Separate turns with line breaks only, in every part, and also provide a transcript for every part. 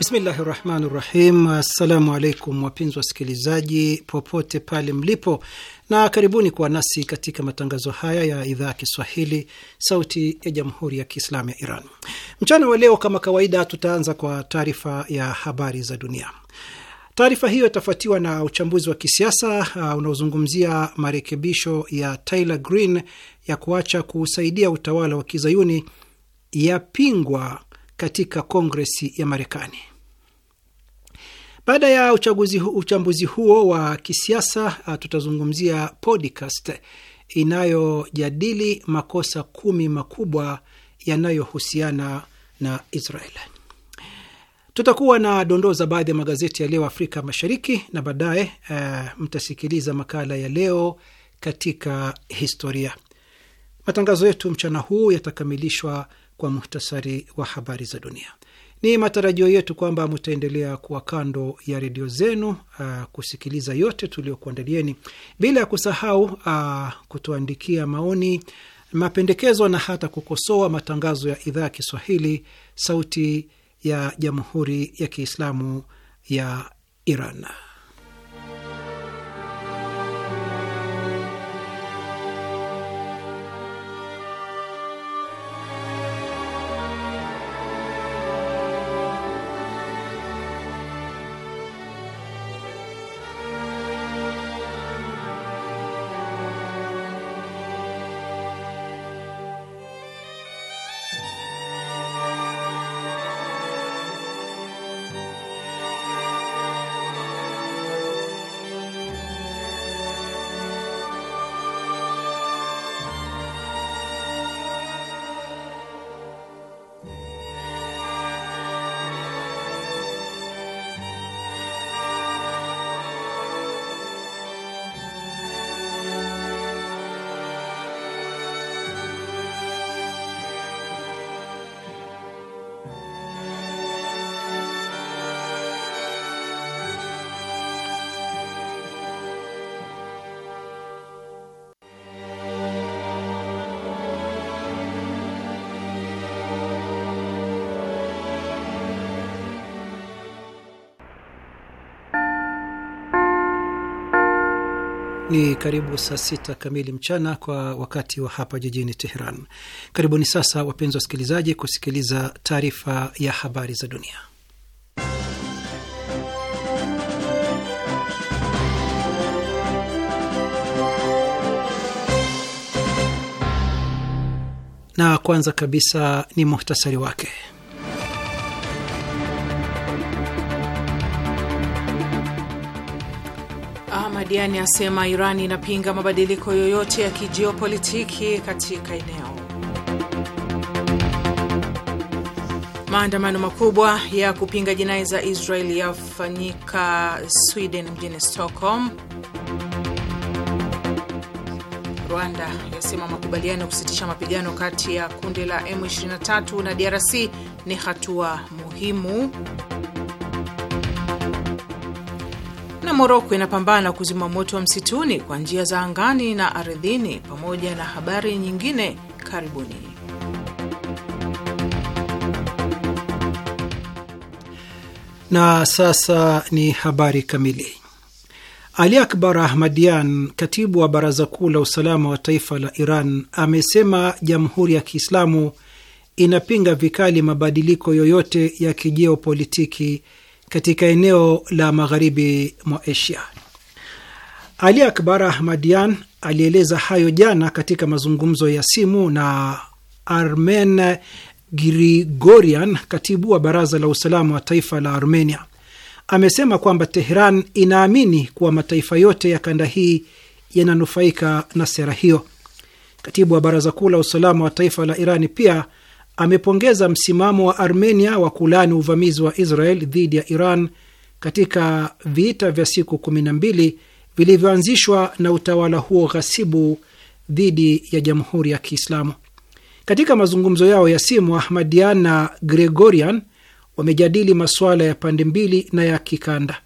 Bismillahi rahmani rahim. Assalamu alaikum wapenzi wasikilizaji popote pale mlipo, na karibuni kuwa nasi katika matangazo haya ya idhaa ya Kiswahili sauti ya jamhuri ya Kiislamu ya Iran. Mchana wa leo kama kawaida, tutaanza kwa taarifa ya habari za dunia. Taarifa hiyo itafuatiwa na uchambuzi wa kisiasa uh, unaozungumzia marekebisho ya Tyler Green ya kuacha kuusaidia utawala wa kizayuni yapingwa katika Kongresi ya Marekani. Baada ya uchaguzi hu, uchambuzi huo wa kisiasa uh, tutazungumzia podcast inayojadili makosa kumi makubwa yanayohusiana na Israel. Tutakuwa na dondoo za baadhi ya magazeti ya leo Afrika Mashariki, na baadaye uh, mtasikiliza makala ya leo katika historia. Matangazo yetu mchana huu yatakamilishwa kwa muhtasari wa habari za dunia. Ni matarajio yetu kwamba mutaendelea kuwa kando ya redio zenu uh, kusikiliza yote tuliokuandalieni, bila ya kusahau uh, kutuandikia maoni, mapendekezo na hata kukosoa matangazo ya idhaa ya Kiswahili, Sauti ya Jamhuri ya Kiislamu ya Iran. Ni karibu saa sita kamili mchana kwa wakati wa hapa jijini Teheran. Karibuni sasa, wapenzi wasikilizaji, kusikiliza taarifa ya habari za dunia, na kwanza kabisa ni muhtasari wake.
Abadiani asema Iran inapinga mabadiliko yoyote ya kijiopolitiki katika eneo. Maandamano makubwa ya kupinga jinai za israel yafanyika Sweden mjini Stockholm. Rwanda yasema makubaliano ya kusitisha mapigano kati ya kundi la M23 na DRC ni hatua muhimu. Moroko inapambana kuzima moto wa msituni kwa njia za angani na ardhini, pamoja na habari nyingine. Karibuni.
Na sasa ni habari kamili. Ali Akbar Ahmadian, katibu wa Baraza Kuu la Usalama wa Taifa la Iran, amesema Jamhuri ya Kiislamu inapinga vikali mabadiliko yoyote ya kijiopolitiki katika eneo la magharibi mwa Asia. Ali Akbar Ahmadian alieleza hayo jana katika mazungumzo ya simu na Armen Grigorian, katibu wa baraza la usalama wa taifa la Armenia. Amesema kwamba Teheran inaamini kuwa mataifa yote ya kanda hii yananufaika na sera hiyo. Katibu wa baraza kuu la usalama wa taifa la Irani pia amepongeza msimamo wa Armenia wa kulani uvamizi wa Israel dhidi ya Iran katika vita vya siku 12 vilivyoanzishwa na utawala huo ghasibu dhidi ya Jamhuri ya Kiislamu. Katika mazungumzo yao ya simu, Ahmadian na Gregorian wamejadili masuala ya pande mbili na ya kikanda.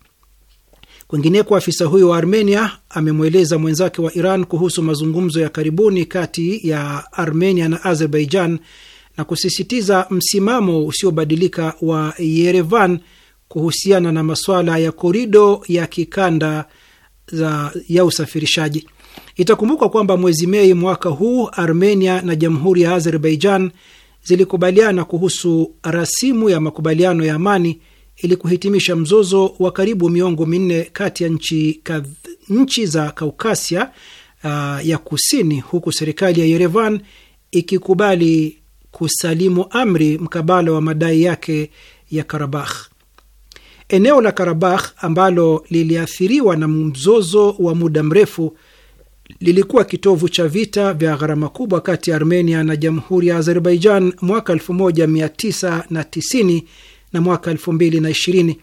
Kwingineko, afisa huyo wa Armenia amemweleza mwenzake wa Iran kuhusu mazungumzo ya karibuni kati ya Armenia na Azerbaijan na kusisitiza msimamo usiobadilika wa Yerevan kuhusiana na masuala ya korido ya kikanda za, ya usafirishaji. Itakumbukwa kwamba mwezi Mei mwaka huu Armenia na Jamhuri ya Azerbaijan zilikubaliana kuhusu rasimu ya makubaliano ya amani ili kuhitimisha mzozo wa karibu miongo minne kati ya nchi, nchi za Kaukasia uh, ya Kusini, huku serikali ya Yerevan ikikubali kusalimu amri mkabala wa madai yake ya Karabakh. Eneo la Karabakh ambalo liliathiriwa na mzozo wa muda mrefu lilikuwa kitovu cha vita vya gharama kubwa kati ya Armenia na jamhuri ya Azerbaijan mwaka 1990 na mwaka 2020.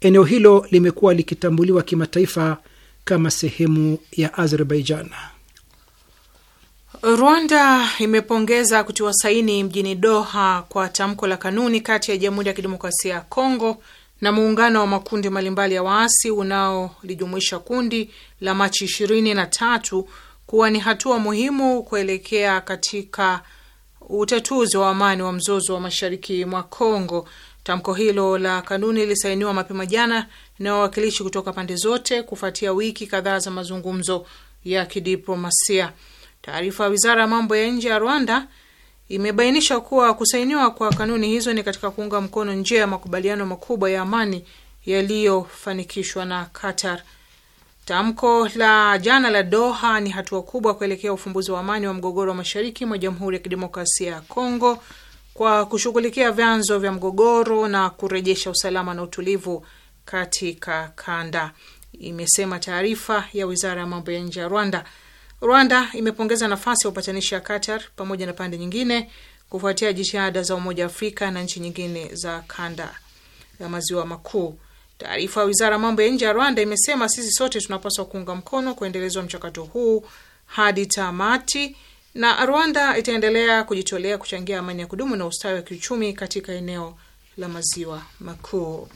Eneo hilo limekuwa likitambuliwa kimataifa kama sehemu ya Azerbaijan.
Rwanda imepongeza kutiwa saini mjini Doha kwa tamko la kanuni kati ya Jamhuri ya Kidemokrasia ya Kongo na muungano wa makundi mbalimbali ya waasi unaolijumuisha kundi la Machi ishirini na tatu kuwa ni hatua muhimu kuelekea katika utatuzi wa amani wa mzozo wa mashariki mwa Kongo. Tamko hilo la kanuni lilisainiwa mapema jana na wawakilishi kutoka pande zote kufuatia wiki kadhaa za mazungumzo ya kidiplomasia. Taarifa ya wizara ya mambo ya nje ya Rwanda imebainisha kuwa kusainiwa kwa kanuni hizo ni katika kuunga mkono njia ya makubaliano makubwa ya amani yaliyofanikishwa na Qatar. Tamko la jana la Doha ni hatua kubwa kuelekea ufumbuzi wa amani wa mgogoro wa mashariki mwa Jamhuri ya Kidemokrasia ya Kongo kwa kushughulikia vyanzo vya mgogoro na kurejesha usalama na utulivu katika kanda, imesema taarifa ya wizara ya mambo ya nje ya Rwanda. Rwanda imepongeza nafasi ya upatanishi ya Qatar pamoja na pande nyingine kufuatia jitihada za Umoja wa Afrika na nchi nyingine za kanda ya maziwa makuu. Taarifa ya wizara ya mambo ya nje ya Rwanda imesema sisi sote tunapaswa kuunga mkono kuendelezwa mchakato huu hadi tamati, na Rwanda itaendelea kujitolea kuchangia amani ya kudumu na ustawi wa kiuchumi katika eneo la maziwa makuu.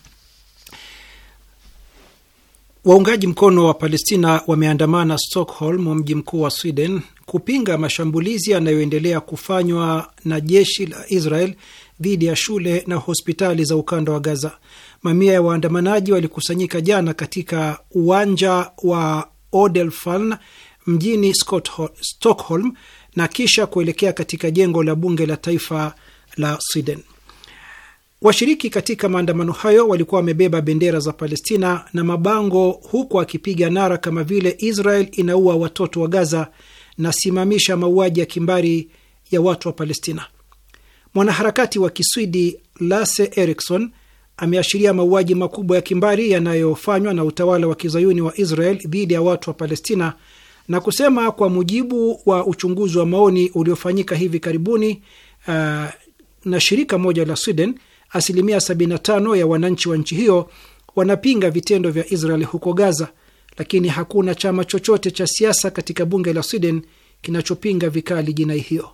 Waungaji mkono wa Palestina wameandamana Stockholm, mji mkuu wa Sweden, kupinga mashambulizi yanayoendelea kufanywa na jeshi la Israel dhidi ya shule na hospitali za ukanda wa Gaza. Mamia ya waandamanaji walikusanyika jana katika uwanja wa Odelfan mjini Stockholm na kisha kuelekea katika jengo la bunge la taifa la Sweden. Washiriki katika maandamano hayo walikuwa wamebeba bendera za Palestina na mabango, huku akipiga nara kama vile Israel inaua watoto wa Gaza na simamisha mauaji ya kimbari ya watu wa Palestina. Mwanaharakati wa Kiswidi Lasse Erikson ameashiria mauaji makubwa ya kimbari yanayofanywa na utawala wa kizayuni wa Israel dhidi ya watu wa Palestina na kusema, kwa mujibu wa uchunguzi wa maoni uliofanyika hivi karibuni uh, na shirika moja la Sweden asilimia 75 ya wananchi wa nchi hiyo wanapinga vitendo vya Israel huko Gaza, lakini hakuna chama chochote cha siasa katika bunge la Sweden kinachopinga vikali jinai hiyo.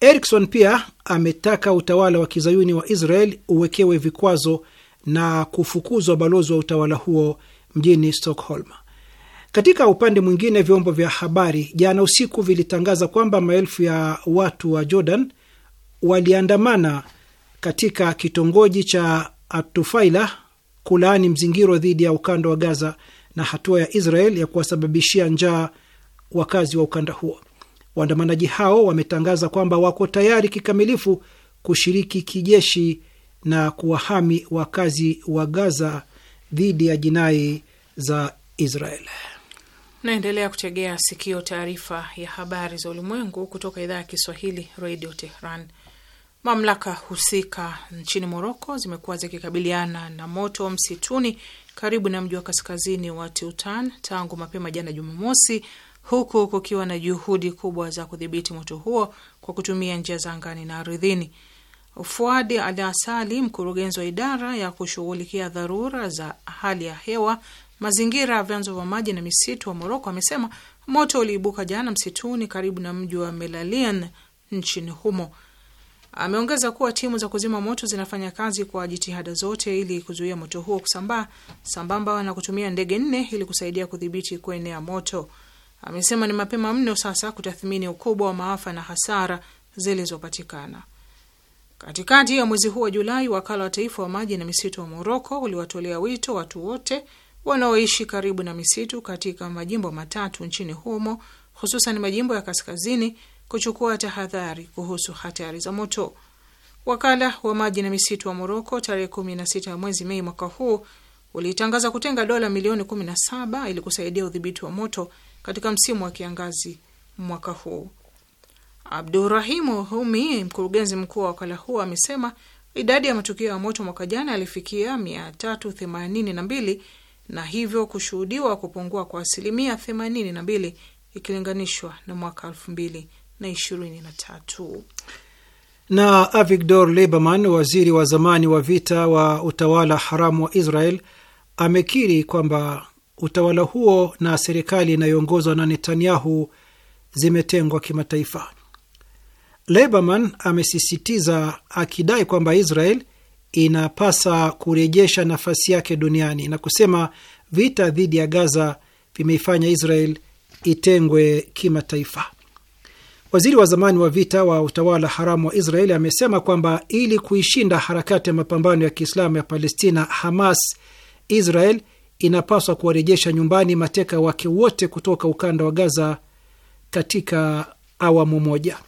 Erikson pia ametaka utawala wa kizayuni wa Israel uwekewe vikwazo na kufukuzwa balozi wa utawala huo mjini Stockholm. Katika upande mwingine, vyombo vya habari jana usiku vilitangaza kwamba maelfu ya watu wa Jordan waliandamana katika kitongoji cha Atufaila kulaani mzingiro dhidi ya ukanda wa Gaza na hatua ya Israel ya kuwasababishia njaa wakazi wa ukanda huo. Waandamanaji hao wametangaza kwamba wako tayari kikamilifu kushiriki kijeshi na kuwahami wakazi wa Gaza dhidi ya jinai za Israel.
Naendelea kutegea sikio taarifa ya habari za ulimwengu kutoka idhaa ya Kiswahili, Radio Tehran. Mamlaka husika nchini Moroko zimekuwa zikikabiliana na moto msituni karibu na mji wa kaskazini wa tutan tangu mapema jana Jumamosi, huku kukiwa na juhudi kubwa za kudhibiti moto huo kwa kutumia njia za angani na ardhini. Fuadi Al Asali, mkurugenzi wa idara ya kushughulikia dharura za hali ya hewa, mazingira, vyanzo vya maji na misitu wa Moroko, amesema moto uliibuka jana msituni karibu na mji wa Melalian nchini humo. Ameongeza kuwa timu za kuzima moto zinafanya kazi kwa jitihada zote ili kuzuia moto huo kusambaa, sambamba na kutumia ndege nne ili kusaidia kudhibiti kuenea moto. Amesema ni mapema mno sasa kutathmini ukubwa wa maafa na hasara zilizopatikana. Katikati ya mwezi huu wa Julai, wakala wa taifa wa maji na misitu wa Moroko uliwatolea wito watu wote wanaoishi karibu na misitu katika majimbo matatu nchini humo, hususan majimbo ya kaskazini kuchukua tahadhari kuhusu hatari za moto. Wakala wa maji na misitu wa Moroko tarehe 16 mwezi Mei mwaka huu ulitangaza kutenga dola milioni 17 ili kusaidia udhibiti wa moto katika msimu wa kiangazi mwaka huu. Abdurahimu Humi, mkurugenzi mkuu wa wakala huo, amesema idadi ya matukio ya moto mwaka jana yalifikia 382 na hivyo kushuhudiwa kupungua kwa asilimia 82 ikilinganishwa na mwaka mbili na ishirini na tatu.
Na Avigdor Lieberman, waziri wa zamani wa vita wa utawala haramu wa Israel, amekiri kwamba utawala huo na serikali inayoongozwa na Netanyahu zimetengwa kimataifa. Lieberman amesisitiza akidai kwamba Israel inapasa kurejesha nafasi yake duniani na kusema vita dhidi ya Gaza vimeifanya Israel itengwe kimataifa. Waziri wa zamani wa vita wa utawala haramu wa Israeli amesema kwamba ili kuishinda harakati ya mapambano ya Kiislamu ya Palestina, Hamas, Israel inapaswa kuwarejesha nyumbani mateka wake wote kutoka ukanda wa Gaza katika awamu moja.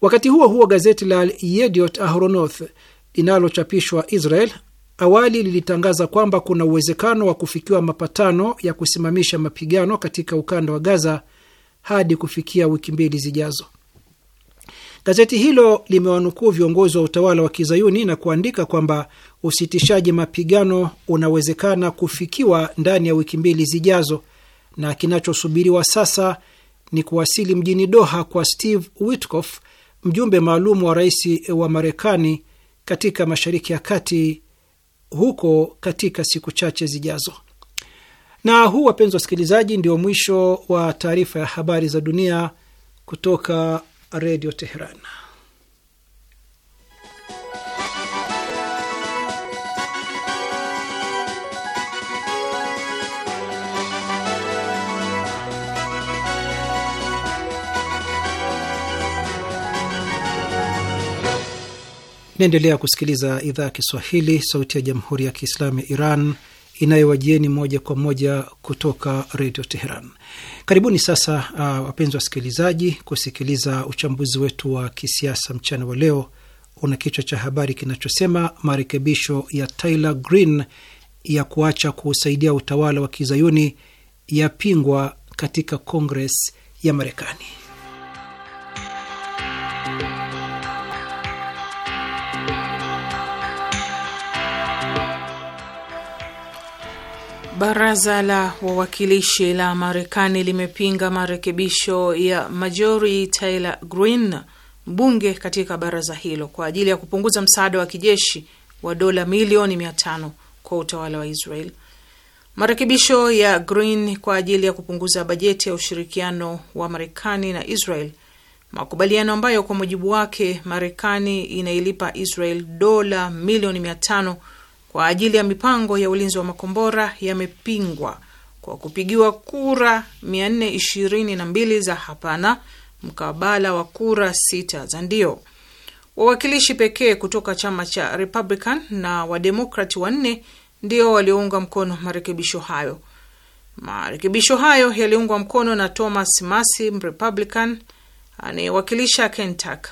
Wakati huo huo, gazeti la Yediot Ahronoth linalochapishwa Israel awali lilitangaza kwamba kuna uwezekano wa kufikiwa mapatano ya kusimamisha mapigano katika ukanda wa Gaza hadi kufikia wiki mbili zijazo. Gazeti hilo limewanukuu viongozi wa utawala wa kizayuni na kuandika kwamba usitishaji mapigano unawezekana kufikiwa ndani ya wiki mbili zijazo, na kinachosubiriwa sasa ni kuwasili mjini Doha kwa Steve Witkoff, mjumbe maalum wa rais wa Marekani katika Mashariki ya Kati, huko katika siku chache zijazo. Na huu, wapenzi wasikilizaji, ndio mwisho wa taarifa ya habari za dunia kutoka Redio Teheran. Naendelea kusikiliza idhaa ya Kiswahili, sauti ya jamhuri ya kiislamu ya Iran inayowajieni moja kwa moja kutoka Redio Teheran. Karibuni sasa, uh, wapenzi wasikilizaji, kusikiliza uchambuzi wetu wa kisiasa mchana wa leo. Una kichwa cha habari kinachosema marekebisho ya Tyler Green ya kuacha kuusaidia utawala wa kizayuni yapingwa katika Kongres ya Marekani.
Baraza la wawakilishi la Marekani limepinga marekebisho ya Marjorie Taylor Greene, mbunge katika baraza hilo, kwa ajili ya kupunguza msaada wa kijeshi wa dola milioni mia tano kwa utawala wa Israel. Marekebisho ya Greene kwa ajili ya kupunguza bajeti ya ushirikiano wa Marekani na Israel, makubaliano ambayo kwa mujibu wake Marekani inailipa Israel dola milioni mia tano kwa ajili ya mipango ya ulinzi wa makombora yamepingwa kwa kupigiwa kura 422 za hapana mkabala wa kura sita za ndio. Wawakilishi pekee kutoka chama cha Republican na Wademokrati wanne ndio waliounga mkono marekebisho hayo. Marekebisho hayo yaliungwa mkono na Thomas Massi, Mrepublican anayewakilisha Kentucky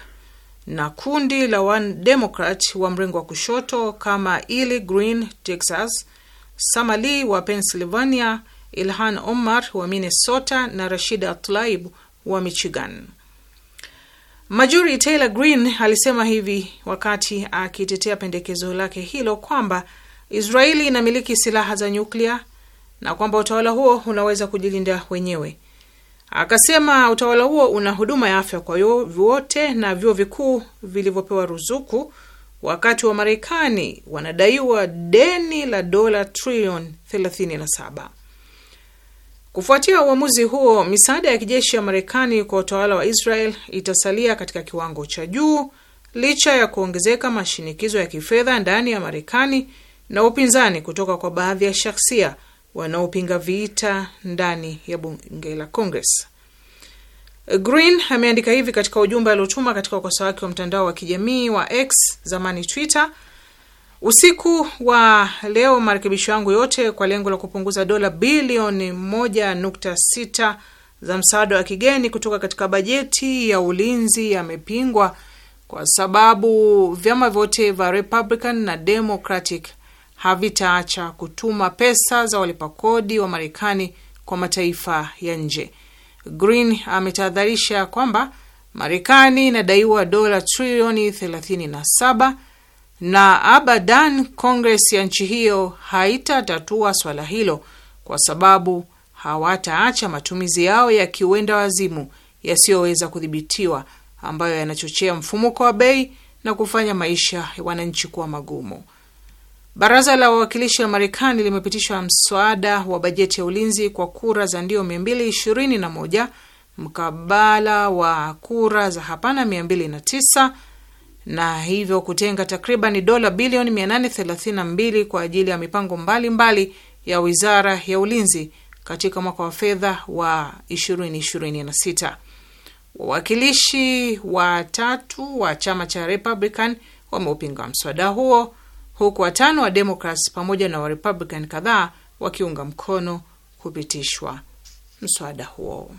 na kundi la wademokrat wa mrengo wa kushoto kama Eli Green Texas, Samali wa Pennsylvania, Ilhan Omar wa Minnesota na Rashida Tlaib wa Michigan. Majuri Taylor Green alisema hivi wakati akitetea pendekezo lake hilo kwamba Israeli inamiliki silaha za nyuklia na kwamba utawala huo unaweza kujilinda wenyewe Akasema utawala huo una huduma ya afya kwa wote na vyuo vikuu vilivyopewa ruzuku, wakati wa Marekani wanadaiwa deni la dola trilioni 37. Kufuatia uamuzi huo, misaada ya kijeshi ya Marekani kwa utawala wa Israel itasalia katika kiwango cha juu licha ya kuongezeka mashinikizo ya kifedha ndani ya Marekani na upinzani kutoka kwa baadhi ya shahsia wanaopinga vita ndani ya bunge la Congress. Green ameandika hivi katika ujumbe aliotuma katika ukurasa wake wa mtandao wa kijamii wa X, zamani Twitter. Usiku wa leo marekebisho yangu yote kwa lengo la kupunguza dola bilioni 1.6 za msaada wa kigeni kutoka katika bajeti ya ulinzi yamepingwa kwa sababu vyama vyote vya Republican na Democratic havitaacha kutuma pesa za walipakodi wa Marekani kwa mataifa ya nje. Green ametahadharisha kwamba Marekani inadaiwa dola trilioni 37 na abadan Kongres ya nchi hiyo haitatatua swala hilo kwa sababu hawataacha matumizi yao ya kiwenda wazimu yasiyoweza kudhibitiwa ambayo yanachochea mfumuko wa bei na kufanya maisha ya wananchi kuwa magumu. Baraza la wawakilishi la Marekani limepitisha mswada wa bajeti ya ulinzi kwa kura za ndio 221 mkabala wa kura za hapana 209 na hivyo kutenga takriban dola bilioni 832 kwa ajili ya mipango mbalimbali mbali ya wizara ya ulinzi katika mwaka wa fedha wa 2026. Wawakilishi watatu wa chama cha Republican wameupinga mswada huo huku watano wa Democrats pamoja na Warepublican kadhaa wakiunga mkono kupitishwa mswada huo.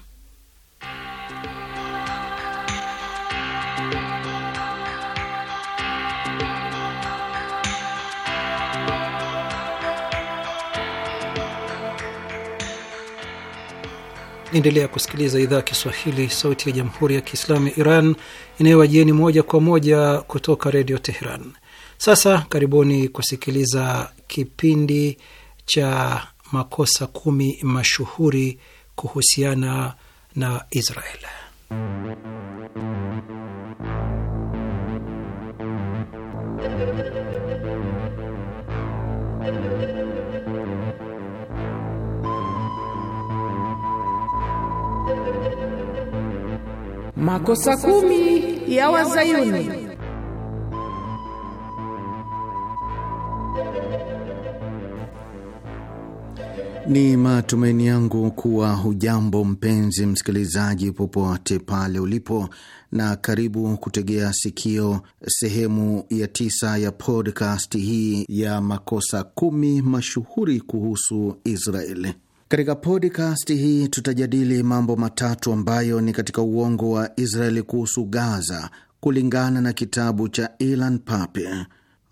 endelea kusikiliza idhaa ya Kiswahili, sauti ya jamhuri ya kiislamu ya Iran inayowajieni moja kwa moja kutoka redio Teheran. Sasa karibuni kusikiliza kipindi cha makosa kumi mashuhuri kuhusiana na Israel.
Makosa kumi ya Wazayuni.
Ni matumaini yangu kuwa hujambo mpenzi msikilizaji, popote pale ulipo, na karibu kutegea sikio sehemu ya tisa ya podcast hii ya makosa kumi mashuhuri kuhusu Israeli. Katika podcast hii tutajadili mambo matatu ambayo ni katika uongo wa Israeli kuhusu Gaza kulingana na kitabu cha Ilan Pappe.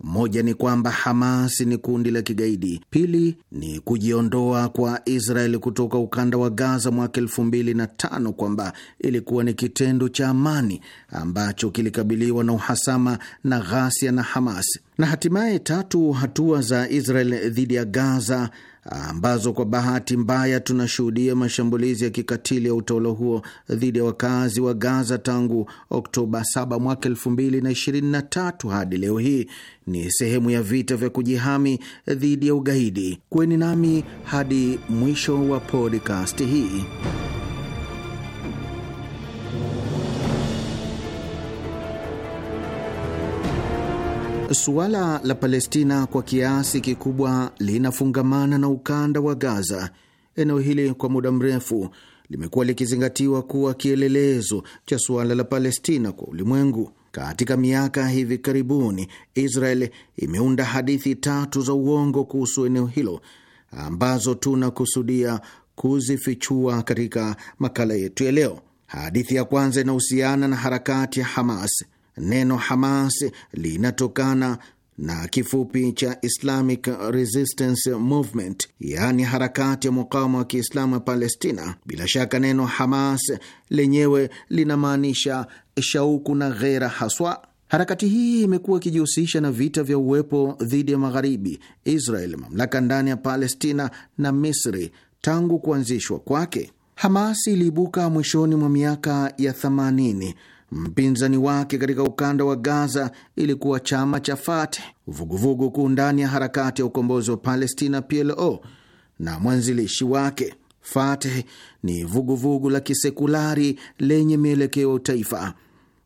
Moja ni kwamba Hamas ni kundi la kigaidi. Pili ni kujiondoa kwa Israeli kutoka ukanda wa Gaza mwaka elfu mbili na tano kwamba ilikuwa ni kitendo cha amani ambacho kilikabiliwa na uhasama na ghasia na Hamas, na hatimaye tatu, hatua za Israel dhidi ya Gaza ambazo kwa bahati mbaya tunashuhudia mashambulizi ya kikatili ya utawala huo dhidi ya wakazi wa Gaza tangu Oktoba 7 mwaka 2023 hadi leo hii, ni sehemu ya vita vya kujihami dhidi ya ugaidi. kweni nami hadi mwisho wa podcast hii. Suala la Palestina kwa kiasi kikubwa linafungamana na ukanda wa Gaza. Eneo hili kwa muda mrefu limekuwa likizingatiwa kuwa kielelezo cha suala la Palestina kwa ulimwengu. Katika miaka hivi karibuni, Israel imeunda hadithi tatu za uongo kuhusu eneo hilo ambazo tunakusudia kuzifichua katika makala yetu ya leo. Hadithi ya kwanza inahusiana na harakati ya Hamas. Neno Hamas linatokana na kifupi cha Islamic Resistance Movement, yaani harakati ya mukawama wa Kiislamu ya Palestina. Bila shaka neno Hamas lenyewe linamaanisha shauku na ghera haswa. Harakati hii imekuwa ikijihusisha na vita vya uwepo dhidi ya Magharibi, Israel, mamlaka ndani ya Palestina na Misri tangu kuanzishwa kwake. Hamas iliibuka mwishoni mwa miaka ya Mpinzani wake katika ukanda wa Gaza ilikuwa chama cha Fate, vuguvugu kuu ndani ya harakati ya ukombozi wa Palestina, PLO, na mwanzilishi wake. Fate ni vuguvugu vugu la kisekulari lenye mielekeo taifa,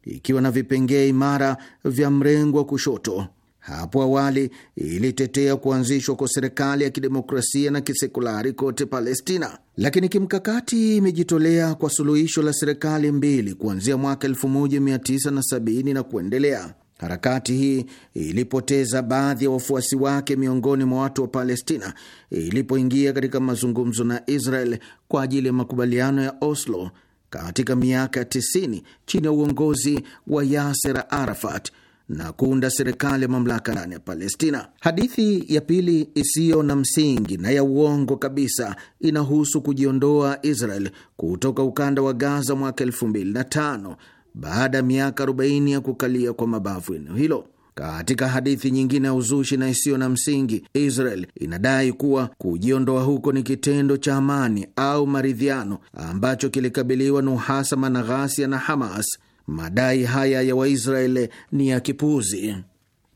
ikiwa na vipengee imara vya mrengo wa kushoto hapo awali ilitetea kuanzishwa kwa serikali ya kidemokrasia na kisekulari kote Palestina, lakini kimkakati imejitolea kwa suluhisho la serikali mbili kuanzia mwaka 1970 na kuendelea. Harakati hii ilipoteza baadhi ya wafuasi wake miongoni mwa watu wa Palestina ilipoingia katika mazungumzo na Israel kwa ajili ya makubaliano ya Oslo katika miaka 90 chini ya uongozi wa Yasser Arafat na kuunda serikali ya mamlaka ndani ya Palestina. Hadithi ya pili isiyo na msingi na ya uongo kabisa inahusu kujiondoa Israel kutoka ukanda wa Gaza mwaka 25 baada ya miaka 40 ya kukalia kwa mabavu eneo hilo. Katika hadithi nyingine ya uzushi na isiyo na msingi, Israel inadai kuwa kujiondoa huko ni kitendo cha amani au maridhiano ambacho kilikabiliwa na uhasama na ghasia na Hamas madai haya ya waisrael ni ya kipuuzi,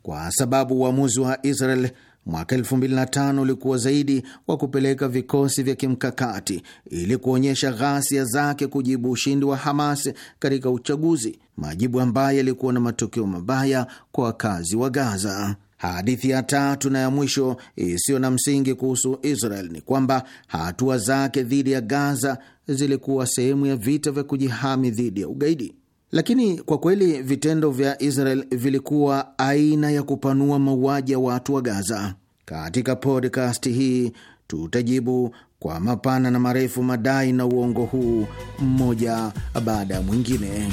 kwa sababu uamuzi wa Israel mwaka 2005 ulikuwa zaidi wa kupeleka vikosi vya kimkakati ili kuonyesha ghasia zake kujibu ushindi wa Hamas katika uchaguzi, majibu ambayo yalikuwa na matokeo mabaya kwa wakazi wa Gaza. Hadithi ya tatu na ya mwisho isiyo na msingi kuhusu Israel ni kwamba hatua zake dhidi ya Gaza zilikuwa sehemu ya vita vya kujihami dhidi ya ugaidi. Lakini kwa kweli vitendo vya Israel vilikuwa aina ya kupanua mauaji ya watu wa Gaza. Katika podcast hii tutajibu kwa mapana na marefu madai na uongo huu mmoja baada ya mwingine.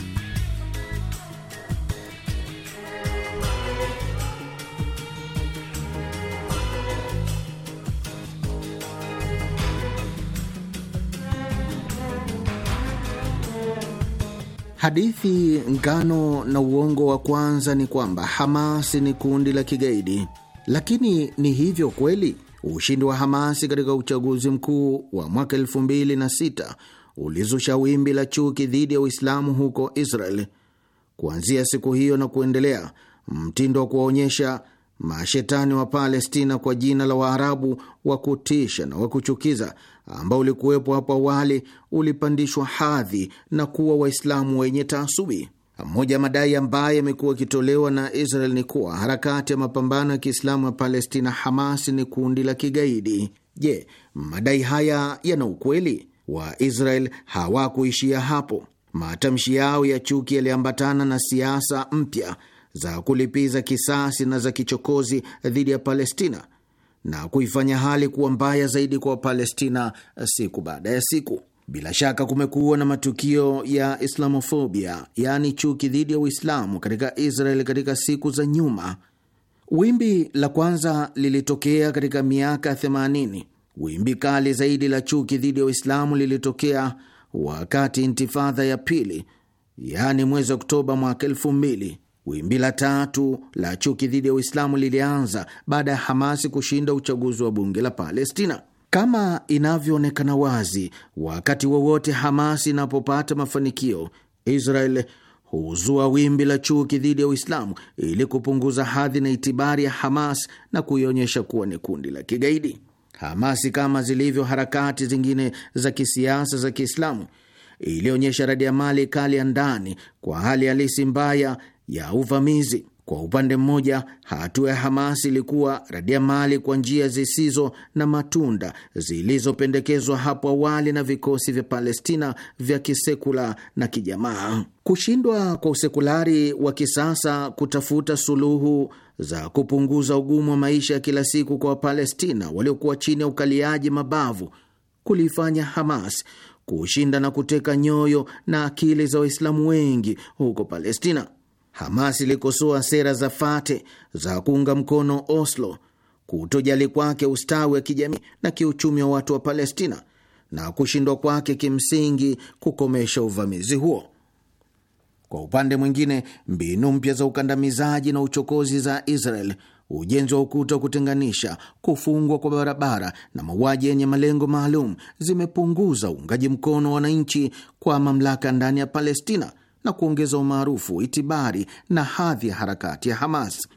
Hadithi, ngano na uongo wa kwanza ni kwamba Hamas ni kundi la kigaidi, lakini ni hivyo kweli? Ushindi wa Hamasi katika uchaguzi mkuu wa mwaka elfu mbili na sita ulizusha wimbi la chuki dhidi ya Uislamu huko Israel. Kuanzia siku hiyo na kuendelea, mtindo wa kuwaonyesha mashetani wa Palestina kwa jina la Waarabu wa kutisha na wa kuchukiza ambao ulikuwepo hapo awali ulipandishwa hadhi na kuwa Waislamu wenye taasubi. Mmoja ya madai ambaye yamekuwa akitolewa na Israel ni kuwa harakati ya mapambano ya Kiislamu ya Palestina, Hamas, ni kundi la kigaidi. Je, madai haya yana ukweli? Waisrael hawakuishia hapo. Matamshi yao ya chuki yaliambatana na siasa mpya za kulipiza kisasi na za kichokozi dhidi ya Palestina na kuifanya hali kuwa mbaya zaidi kwa Wapalestina siku baada ya siku. Bila shaka kumekuwa na matukio ya Islamofobia, yaani chuki dhidi ya Uislamu katika Israel katika siku za nyuma. Wimbi la kwanza lilitokea katika miaka 80. Wimbi kali zaidi la chuki dhidi ya Uislamu lilitokea wakati intifadha ya pili, yaani mwezi Oktoba mwaka elfu mbili Wimbi la tatu la chuki dhidi ya Uislamu lilianza baada ya Hamasi kushinda uchaguzi wa bunge la Palestina. Kama inavyoonekana wazi, wakati wowote wa Hamasi inapopata mafanikio, Israel huzua wimbi la chuki dhidi ya Uislamu ili kupunguza hadhi na itibari ya Hamas na kuionyesha kuwa ni kundi la kigaidi. Hamasi, kama zilivyo harakati zingine za kisiasa za Kiislamu, ilionyesha radiamali kali ya ndani kwa hali halisi mbaya ya uvamizi. Kwa upande mmoja, hatua ya Hamas ilikuwa radiamali kwa njia zisizo na matunda zilizopendekezwa hapo awali na vikosi vya Palestina vya kisekula na kijamaa. Kushindwa kwa usekulari wa kisasa kutafuta suluhu za kupunguza ugumu wa maisha ya kila siku kwa Wapalestina waliokuwa chini ya ukaliaji mabavu kulifanya Hamas kushinda na kuteka nyoyo na akili za Waislamu wengi huko Palestina. Hamas ilikosoa sera za fate za kuunga mkono Oslo, kutojali kwake ustawi wa kijamii na kiuchumi wa watu wa Palestina na kushindwa kwake kimsingi kukomesha uvamizi huo. Kwa upande mwingine, mbinu mpya za ukandamizaji na uchokozi za Israel, ujenzi wa ukuta wa kutenganisha, kufungwa kwa barabara na mauaji yenye malengo maalum zimepunguza uungaji mkono wa wananchi kwa mamlaka ndani ya Palestina na kuongeza umaarufu, itibari na hadhi ya harakati ya Hamas,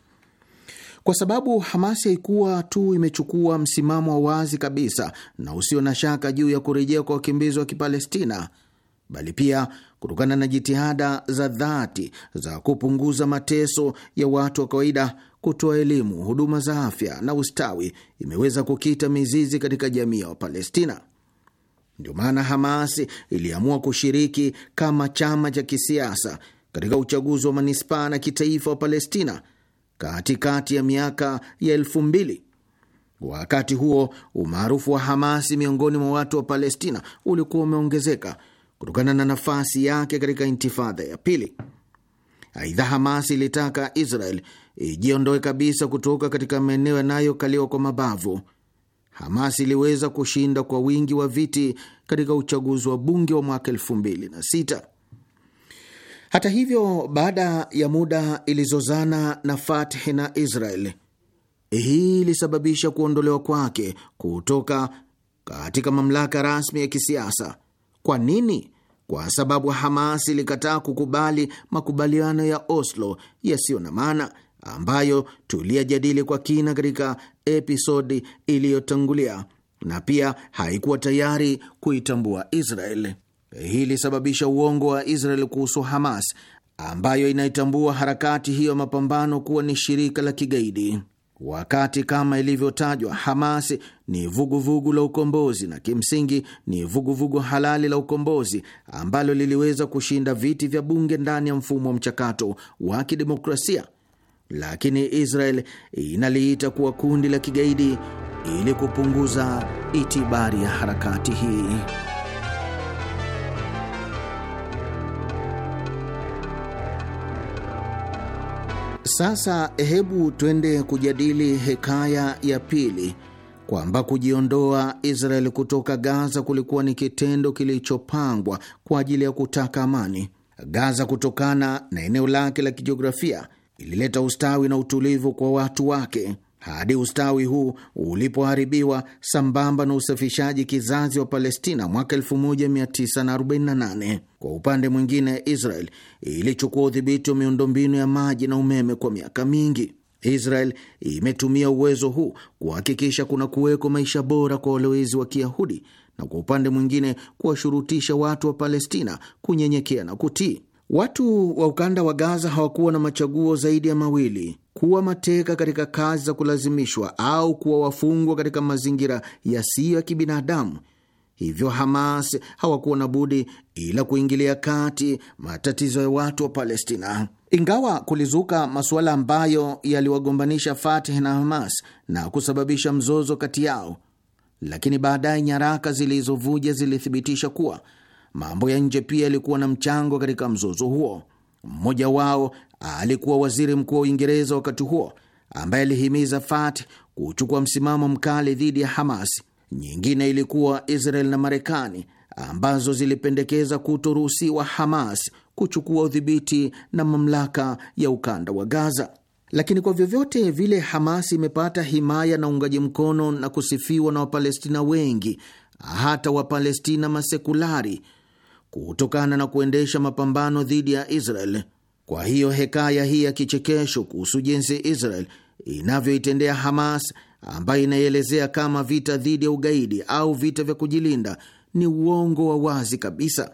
kwa sababu Hamas haikuwa tu imechukua msimamo wa wazi kabisa na usio na shaka juu ya kurejea kwa wakimbizi wa Kipalestina, bali pia kutokana na jitihada za dhati za kupunguza mateso ya watu wa kawaida, kutoa elimu, huduma za afya na ustawi, imeweza kukita mizizi katika jamii ya Wapalestina. Ndio maana Hamas iliamua kushiriki kama chama cha kisiasa katika uchaguzi wa manispaa na kitaifa wa Palestina katikati kati ya miaka ya elfu mbili. Wakati huo umaarufu wa Hamasi miongoni mwa watu wa Palestina ulikuwa umeongezeka kutokana na nafasi yake katika intifadha ya pili. Aidha, Hamasi ilitaka Israel ijiondoe kabisa kutoka katika maeneo yanayokaliwa kwa mabavu. Hamas iliweza kushinda kwa wingi wa viti katika uchaguzi wa bunge wa mwaka elfu mbili na sita. Hata hivyo, baada ya muda ilizozana na fathi na Israel. Hii ilisababisha kuondolewa kwake kutoka katika mamlaka rasmi ya kisiasa. Kwa nini? Kwa sababu Hamas ilikataa kukubali makubaliano ya Oslo yasiyo na maana ambayo tuliyajadili kwa kina katika episodi iliyotangulia na pia haikuwa tayari kuitambua Israel. Hii ilisababisha uongo wa Israel kuhusu Hamas ambayo inaitambua harakati hiyo mapambano kuwa ni shirika la kigaidi, wakati kama ilivyotajwa, Hamas ni vuguvugu vugu la ukombozi na kimsingi ni vuguvugu vugu halali la ukombozi ambalo liliweza kushinda viti vya bunge ndani ya mfumo wa mchakato wa kidemokrasia lakini Israel inaliita kuwa kundi la kigaidi ili kupunguza itibari ya harakati hii. Sasa hebu twende kujadili hekaya ya pili kwamba kujiondoa Israel kutoka Gaza kulikuwa ni kitendo kilichopangwa kwa ajili ya kutaka amani. Gaza, kutokana na eneo lake la kijiografia, ilileta ustawi na utulivu kwa watu wake hadi ustawi huu ulipoharibiwa sambamba na usafishaji kizazi wa Palestina mwaka 1948. Kwa upande mwingine, Israel ilichukua udhibiti wa miundombinu ya maji na umeme kwa miaka mingi. Israel imetumia uwezo huu kuhakikisha kuna kuwekwa maisha bora kwa walowezi wa Kiyahudi na kwa upande mwingine kuwashurutisha watu wa Palestina kunyenyekea na kutii. Watu wa ukanda wa Gaza hawakuwa na machaguo zaidi ya mawili: kuwa mateka katika kazi za kulazimishwa au kuwa wafungwa katika mazingira yasiyo ya kibinadamu. Hivyo Hamas hawakuwa na budi ila kuingilia kati matatizo ya watu wa Palestina. Ingawa kulizuka masuala ambayo yaliwagombanisha Fatah na Hamas na kusababisha mzozo kati yao, lakini baadaye nyaraka zilizovuja zilithibitisha kuwa Mambo ya nje pia yalikuwa na mchango katika mzozo huo. Mmoja wao alikuwa waziri mkuu wa Uingereza wakati huo, ambaye alihimiza fat kuchukua msimamo mkali dhidi ya Hamas. Nyingine ilikuwa Israel na Marekani ambazo zilipendekeza kutoruhusiwa Hamas kuchukua udhibiti na mamlaka ya ukanda wa Gaza. Lakini kwa vyovyote vile, Hamas imepata himaya na uungaji mkono na kusifiwa na Wapalestina wengi, hata Wapalestina masekulari kutokana na kuendesha mapambano dhidi ya Israel. Kwa hiyo hekaya hii ya kichekesho kuhusu jinsi Israel inavyoitendea Hamas, ambayo inaielezea kama vita dhidi ya ugaidi au vita vya kujilinda, ni uongo wa wazi kabisa,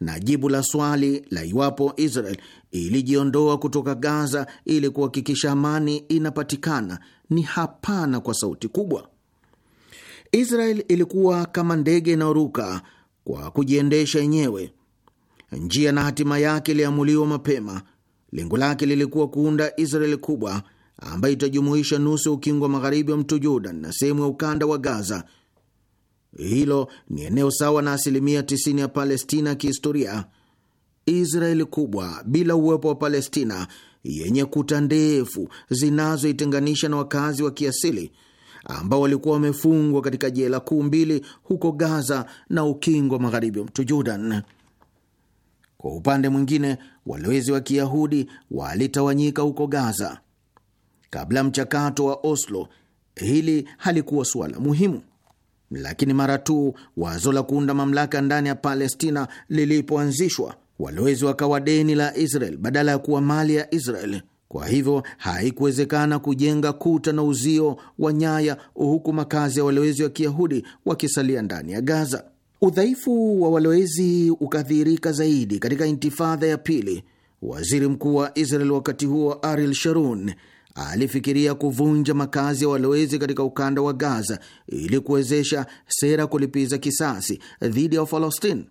na jibu la swali la iwapo Israel ilijiondoa kutoka Gaza ili kuhakikisha amani inapatikana ni hapana, kwa sauti kubwa. Israel ilikuwa kama ndege inayoruka kwa kujiendesha yenyewe. Njia na hatima yake iliamuliwa mapema. Lengo lake lilikuwa kuunda Israeli kubwa ambayo itajumuisha nusu ukingo wa magharibi wa mto Jordan na sehemu ya ukanda wa Gaza. Hilo ni eneo sawa na asilimia 90 ya Palestina kihistoria. Israeli kubwa bila uwepo wa Palestina yenye kuta ndefu zinazoitenganisha na wakazi wa kiasili ambao walikuwa wamefungwa katika jela kuu mbili huko Gaza na ukingo wa magharibi wa mto Jordan. Kwa upande mwingine, walowezi wa Kiyahudi walitawanyika huko Gaza. Kabla mchakato wa Oslo, hili halikuwa suala muhimu, lakini mara tu wazo la kuunda mamlaka ndani ya Palestina lilipoanzishwa, walowezi wakawa deni la Israel badala ya kuwa mali ya Israel. Kwa hivyo haikuwezekana kujenga kuta na uzio wa nyaya, huku makazi ya walowezi wa Kiyahudi wakisalia ndani ya Gaza. Udhaifu wa walowezi ukadhihirika zaidi katika intifadha ya pili. Waziri mkuu wa Israel wakati huo Ariel Sharon alifikiria kuvunja makazi ya walowezi katika ukanda wa Gaza ili kuwezesha sera kulipiza kisasi dhidi ya Wafalastini.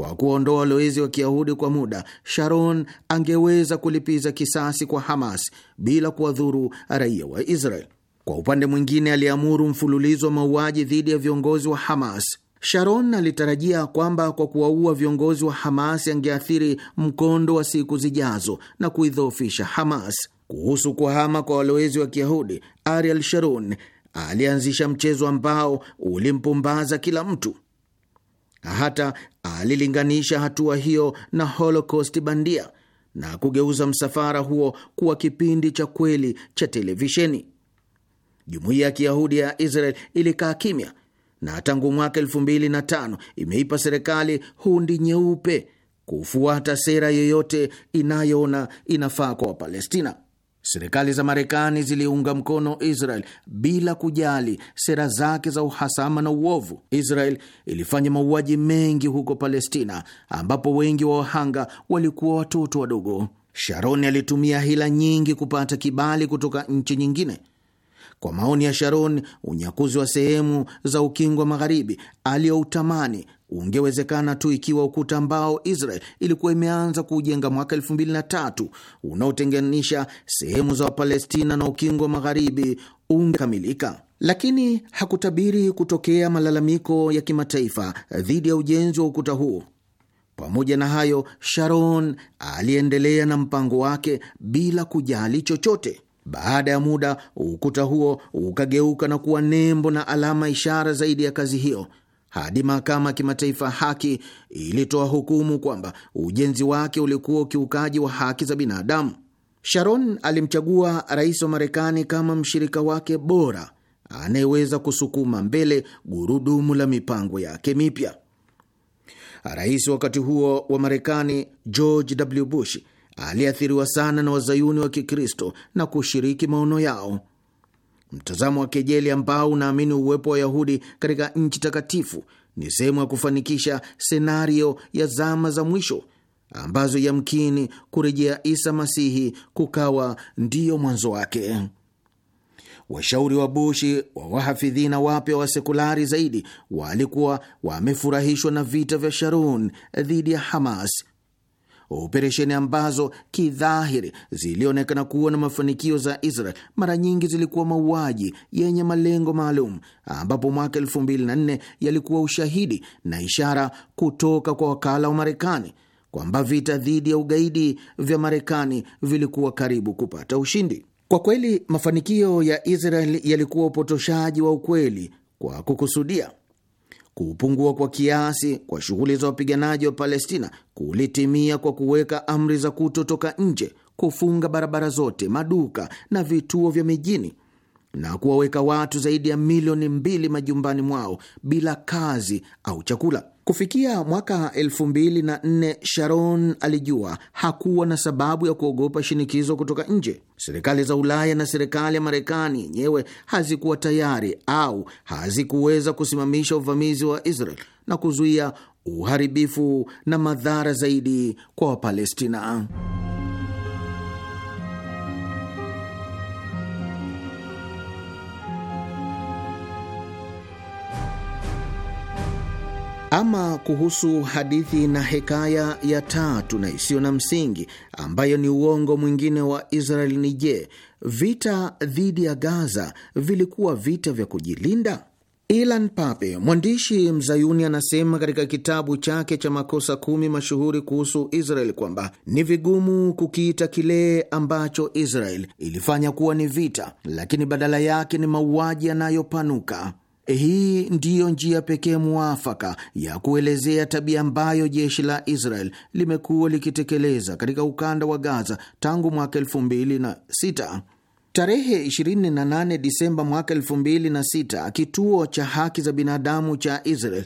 Kwa kuondoa walowezi wa Kiyahudi kwa muda, Sharon angeweza kulipiza kisasi kwa Hamas bila kuwadhuru raia wa Israel. Kwa upande mwingine, aliamuru mfululizo wa mauaji dhidi ya viongozi wa Hamas. Sharon alitarajia kwamba kwa kuwaua viongozi wa Hamas angeathiri mkondo wa siku zijazo na kuidhoofisha Hamas. Kuhusu kuhama kwa walowezi wa Kiyahudi, Ariel Sharon alianzisha mchezo ambao ulimpumbaza kila mtu. Hata alilinganisha hatua hiyo na Holocaust bandia na kugeuza msafara huo kuwa kipindi cha kweli cha televisheni. Jumuiya ya Kiyahudi ya Israel ilikaa kimya na tangu mwaka elfu mbili na tano imeipa serikali hundi nyeupe kufuata sera yoyote inayoona inafaa kwa Wapalestina. Serikali za Marekani ziliunga mkono Israel bila kujali sera zake za uhasama na uovu. Israel ilifanya mauaji mengi huko Palestina, ambapo wengi wa wahanga walikuwa watoto wadogo. sharoni alitumia hila nyingi kupata kibali kutoka nchi nyingine. Kwa maoni ya Sharon, unyakuzi wa sehemu za ukingo magharibi aliyoutamani ungewezekana tu ikiwa ukuta ambao Israel ilikuwa imeanza kuujenga mwaka elfu mbili na tatu unaotenganisha sehemu za Wapalestina na ukingo wa magharibi ungekamilika. Lakini hakutabiri kutokea malalamiko ya kimataifa dhidi ya ujenzi wa ukuta huo. Pamoja na hayo, Sharon aliendelea na mpango wake bila kujali chochote. Baada ya muda, ukuta huo ukageuka na kuwa nembo na alama, ishara zaidi ya kazi hiyo hadi mahakama ya kimataifa haki ilitoa hukumu kwamba ujenzi wake ulikuwa ukiukaji wa haki za binadamu. Sharon alimchagua rais wa Marekani kama mshirika wake bora anayeweza kusukuma mbele gurudumu la mipango yake mipya. Rais wakati huo wa Marekani George W. Bush aliathiriwa sana na wazayuni wa Kikristo na kushiriki maono yao. Mtazamo wa kejeli ambao unaamini uwepo wa Wayahudi katika nchi takatifu ni sehemu ya kufanikisha senario ya zama za mwisho ambazo yamkini kurejea Isa Masihi kukawa ndiyo mwanzo wake. Washauri wa Bushi wa wahafidhina wapya wa sekulari zaidi walikuwa wamefurahishwa na vita vya Sharon dhidi ya Hamas Operesheni ambazo kidhahiri zilionekana kuwa na mafanikio za Israel mara nyingi zilikuwa mauaji yenye malengo maalum, ambapo mwaka 2004 yalikuwa ushahidi na ishara kutoka kwa wakala wa Marekani kwamba vita dhidi ya ugaidi vya Marekani vilikuwa karibu kupata ushindi. Kwa kweli mafanikio ya Israel yalikuwa upotoshaji wa ukweli kwa kukusudia. Kupungua kwa kiasi kwa shughuli za wapiganaji wa Palestina kulitimia kwa kuweka amri za kutotoka nje, kufunga barabara zote, maduka na vituo vya mijini na kuwaweka watu zaidi ya milioni mbili majumbani mwao bila kazi au chakula. Kufikia mwaka elfu mbili na nne Sharon alijua hakuwa na sababu ya kuogopa shinikizo kutoka nje. Serikali za Ulaya na serikali ya Marekani yenyewe hazikuwa tayari au hazikuweza kusimamisha uvamizi wa Israel na kuzuia uharibifu na madhara zaidi kwa Wapalestina. Ama kuhusu hadithi na hekaya ya tatu na isiyo na msingi ambayo ni uongo mwingine wa israel ni je, vita dhidi ya Gaza vilikuwa vita vya kujilinda? Ilan Pape, mwandishi mzayuni, anasema katika kitabu chake cha makosa kumi mashuhuri kuhusu Israel kwamba ni vigumu kukiita kile ambacho Israel ilifanya kuwa ni vita, lakini badala yake ni mauaji yanayopanuka. Eh, hii ndiyo njia pekee muafaka ya kuelezea tabia ambayo jeshi la Israel limekuwa likitekeleza katika ukanda wa Gaza tangu mwaka elfu mbili na sita. Tarehe 28 Disemba mwaka sita, kituo cha haki za binadamu cha Israel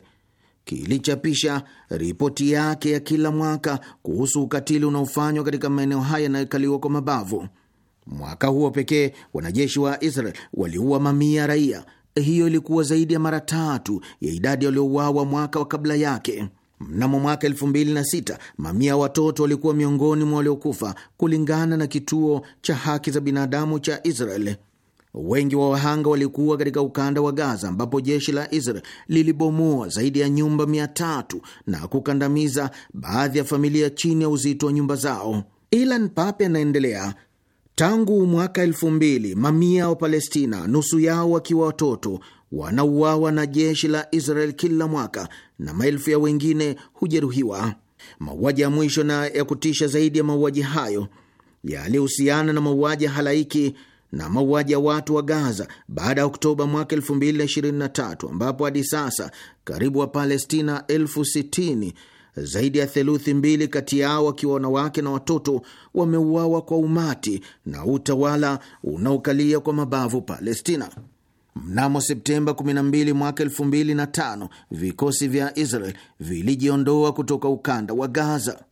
kilichapisha ripoti yake ya kila mwaka kuhusu ukatili unaofanywa katika maeneo haya yanayokaliwa kwa mabavu. Mwaka huo pekee wanajeshi wa Israel waliua mamia raia hiyo ilikuwa zaidi ya mara tatu ya idadi waliouawa mwaka wa kabla yake. Mnamo mwaka sita mamia watoto walikuwa miongoni mwa waliokufa kulingana na kituo cha haki za binadamu cha Israel. Wengi wa wahanga walikuwa katika ukanda wa Gaza ambapo jeshi la Israel lilibomoa zaidi ya nyumba mia tatu na kukandamiza baadhi ya familia chini ya uzito wa nyumba zao. Ilan Pape anaendelea Tangu mwaka elfu mbili mamia wa Palestina, nusu yao wakiwa watoto, wanauawa na jeshi la Israel kila mwaka na maelfu ya wengine hujeruhiwa. Mauaji ya mwisho na ya kutisha zaidi ya mauaji hayo yalihusiana na mauaji ya halaiki na mauaji ya watu wa Gaza baada ya Oktoba mwaka 2023 ambapo hadi sasa karibu Wapalestina elfu sitini zaidi ya theluthi mbili kati yao wakiwa wanawake na watoto wameuawa kwa umati na utawala unaokalia kwa mabavu Palestina. Mnamo Septemba 12 mwaka 2005 vikosi vya Israel vilijiondoa kutoka ukanda wa Gaza.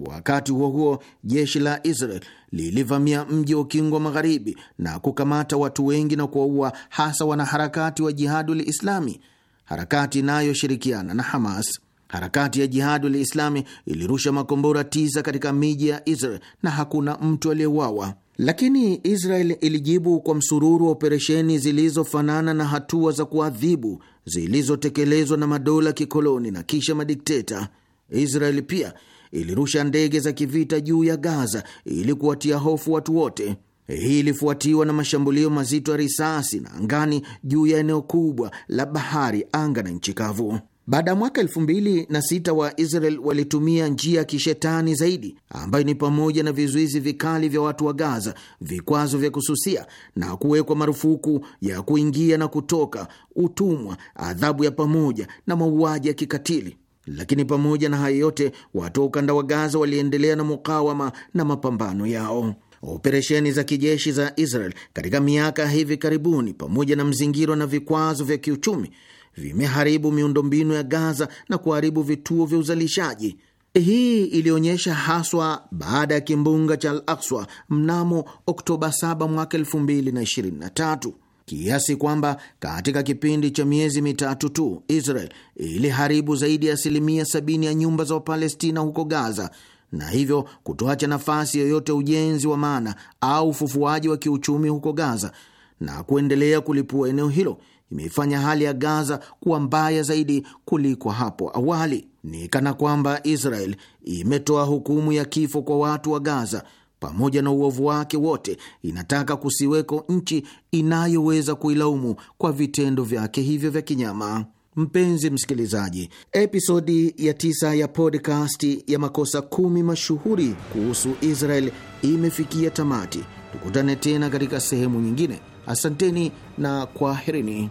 Wakati huo huo, jeshi la Israel lilivamia mji wa Ukingo Magharibi na kukamata watu wengi na kuwaua, hasa wanaharakati wa Jihadul Islami, harakati inayoshirikiana na Hamas. Harakati ya Jihadi islami ilirusha makombora tisa katika miji ya Israel na hakuna mtu aliyeuawa, lakini Israel ilijibu kwa msururu wa operesheni zilizofanana na hatua za kuadhibu zilizotekelezwa na madola kikoloni na kisha madikteta. Israel pia ilirusha ndege za kivita juu ya Gaza ili kuwatia hofu watu wote. Hii ilifuatiwa na mashambulio mazito ya risasi na angani juu ya eneo kubwa la bahari, anga na nchi kavu. Baada ya mwaka elfu mbili na sita wa Israel walitumia njia ya kishetani zaidi, ambayo ni pamoja na vizuizi vikali vya watu wa Gaza, vikwazo vya kususia na kuwekwa marufuku ya kuingia na kutoka, utumwa, adhabu ya pamoja na mauaji ya kikatili. Lakini pamoja na hayo yote, watu wa ukanda wa Gaza waliendelea na mukawama na mapambano yao. Operesheni za kijeshi za Israel katika miaka hivi karibuni, pamoja na mzingiro na vikwazo vya kiuchumi vimeharibu miundombinu ya Gaza na kuharibu vituo vya uzalishaji. Hii ilionyesha haswa baada ya kimbunga cha Al Akswa mnamo Oktoba 7 mwaka 2023 kiasi kwamba katika kipindi cha miezi mitatu tu Israel iliharibu zaidi ya asilimia sabini ya nyumba za Wapalestina huko Gaza na hivyo kutoacha nafasi yoyote ujenzi wa maana au ufufuaji wa kiuchumi huko Gaza na kuendelea kulipua eneo hilo imeifanya hali ya Gaza kuwa mbaya zaidi kuliko hapo awali. Ni kana kwamba Israel imetoa hukumu ya kifo kwa watu wa Gaza. Pamoja na uovu wake wote, inataka kusiweko nchi inayoweza kuilaumu kwa vitendo vyake hivyo vya kinyama. Mpenzi msikilizaji, episodi ya tisa ya podcast ya makosa kumi mashuhuri kuhusu Israel imefikia tamati. Tukutane tena katika sehemu nyingine. Asanteni na kwaherini.